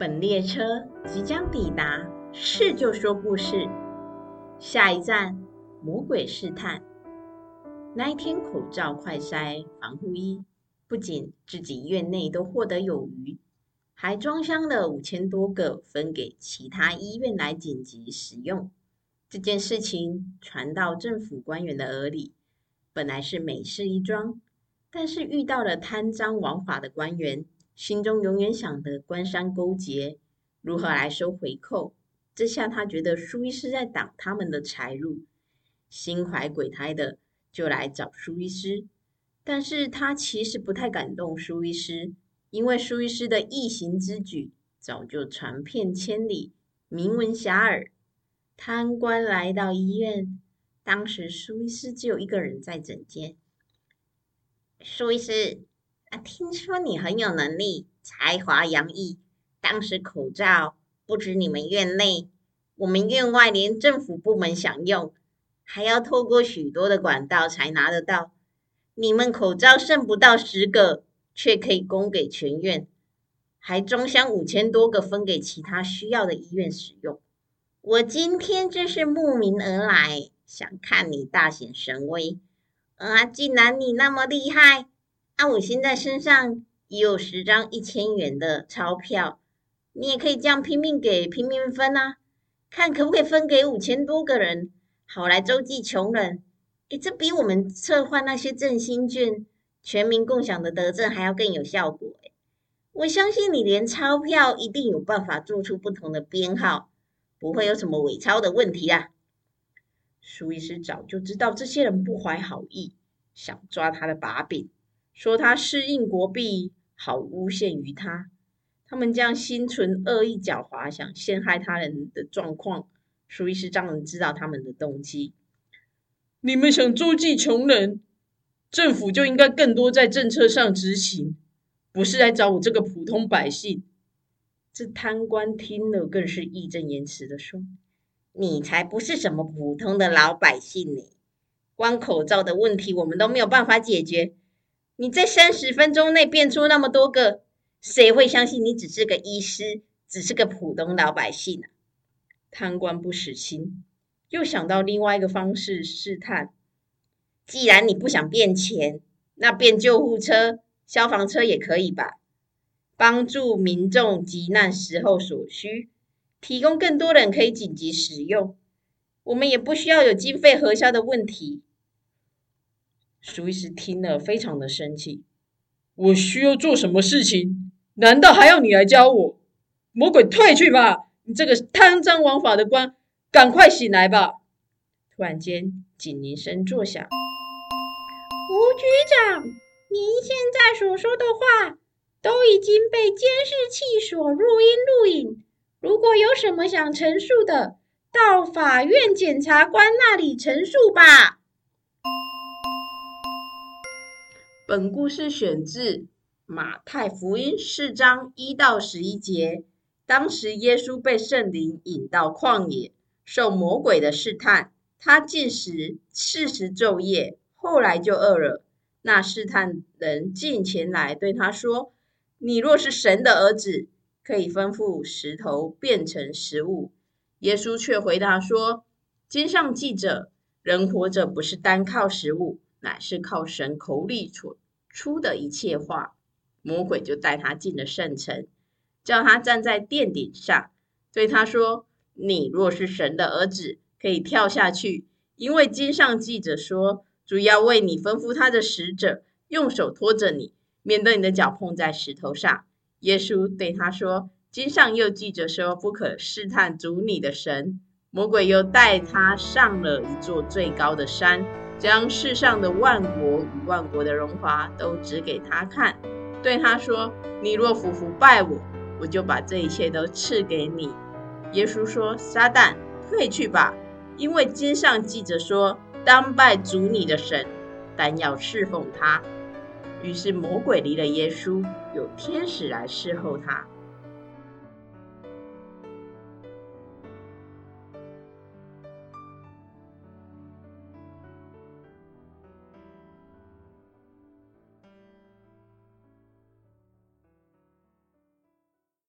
本列車即將抵達，是就說故事。下一站，魔鬼試探。那一天，口罩、快篩、防護衣，不僅自己院內都獲得有餘，還裝箱了五千多個，分給其他醫院來緊急使用。這件事情傳到政府官員的耳裡，本來是美事一樁，但是遇到了貪贓枉法的官員。心中永遠想的官商勾結，如何來收回扣？這下他覺得舒醫師在擋他們的財路，心懷鬼胎的就來找舒醫師。但是他其實不太敢動舒醫師，因為舒醫師的異行之舉早就傳遍千里，名聞遐邇。貪官來到醫院，當時舒醫師只有一個人在診間。舒醫師。啊！聽說你很有能力，才華洋溢。當時口罩不止你們院內，我們院外連政府部門想用，還要透過許多的管道才拿得到。你們口罩剩不到十個，卻可以供給全院，還裝箱五千多個分給其他需要的醫院使用。我今天真是慕名而來，想看你大顯神威。啊！既然你那麼厲害！那、啊、我現在身上也有十張一千元的鈔票，你也可以這樣拼命給拼命分啊，看可不可以分給五千多個人，好來周濟窮人。誒，這比我們策劃那些振興券、全民共享的德政還要更有效果誒，我相信你，連鈔票一定有辦法做出不同的編號，不會有什麼偽鈔的問題啊。蘇醫師早就知道這些人不懷好意，想抓他的把柄。說他適應國幣，好誣陷於他。他們這樣心存惡意、狡猾，想陷害他人的狀況，所以是讓人知道他們的動機。你們想救濟窮人，政府就應該更多在政策上執行，不是來找我這個普通百姓。這貪官聽了更是義正言辭的說：“你才不是什麼普通的老百姓呢！光口罩的問題，我們都沒有辦法解決。”你在三十分鐘內變出那麼多個，誰會相信你只是個醫師，只是個普通老百姓啊？貪官不死心，又想到另外一個方式試探。既然你不想變錢，那變救護車、消防車也可以吧？幫助民眾急難時候所需，提供更多人可以緊急使用。我們也不需要有經費核銷的問題。蘇一時聽了，非常的生氣。我需要做什麼事情？難道還要你來教我？魔鬼退去吧！你這個貪贓枉法的官，趕快醒來吧！突然間，警鈴聲作響。吳局長，您現在所說的話都已經被監視器所錄音錄影。如果有什麼想陳述的，到法院檢察官那裡陳述吧。本故事選自馬太福音四章一到十一節。當時耶穌被聖靈引到曠野，受魔鬼的試探。他禁食四十晝夜，後來就餓了。那試探人進前來對他說：“你若是神的兒子，可以吩咐石頭變成食物。”耶穌卻回答說：“經上記著，人活着不是單靠食物。”乃是靠神口裡所出的一切話。魔鬼就帶他進了聖城，叫他站在殿頂上，對他說：“你若是神的兒子，可以跳下去，因為經上記着說，主要為你吩咐他的使者，用手托着你，免得你的腳碰在石頭上。”耶穌對他說：“經上又記着說，不可試探主你的神。”魔鬼又帶他上了一座最高的山。將世上的萬國與萬國的榮華都指給他看，對他說：“你若俯伏拜我，我就把這一切都賜給你。”耶穌說：“撒但，退去吧！因為經上記着說，當拜主你的神，單要事奉他。”於是魔鬼離了耶穌，有天使來伺候他。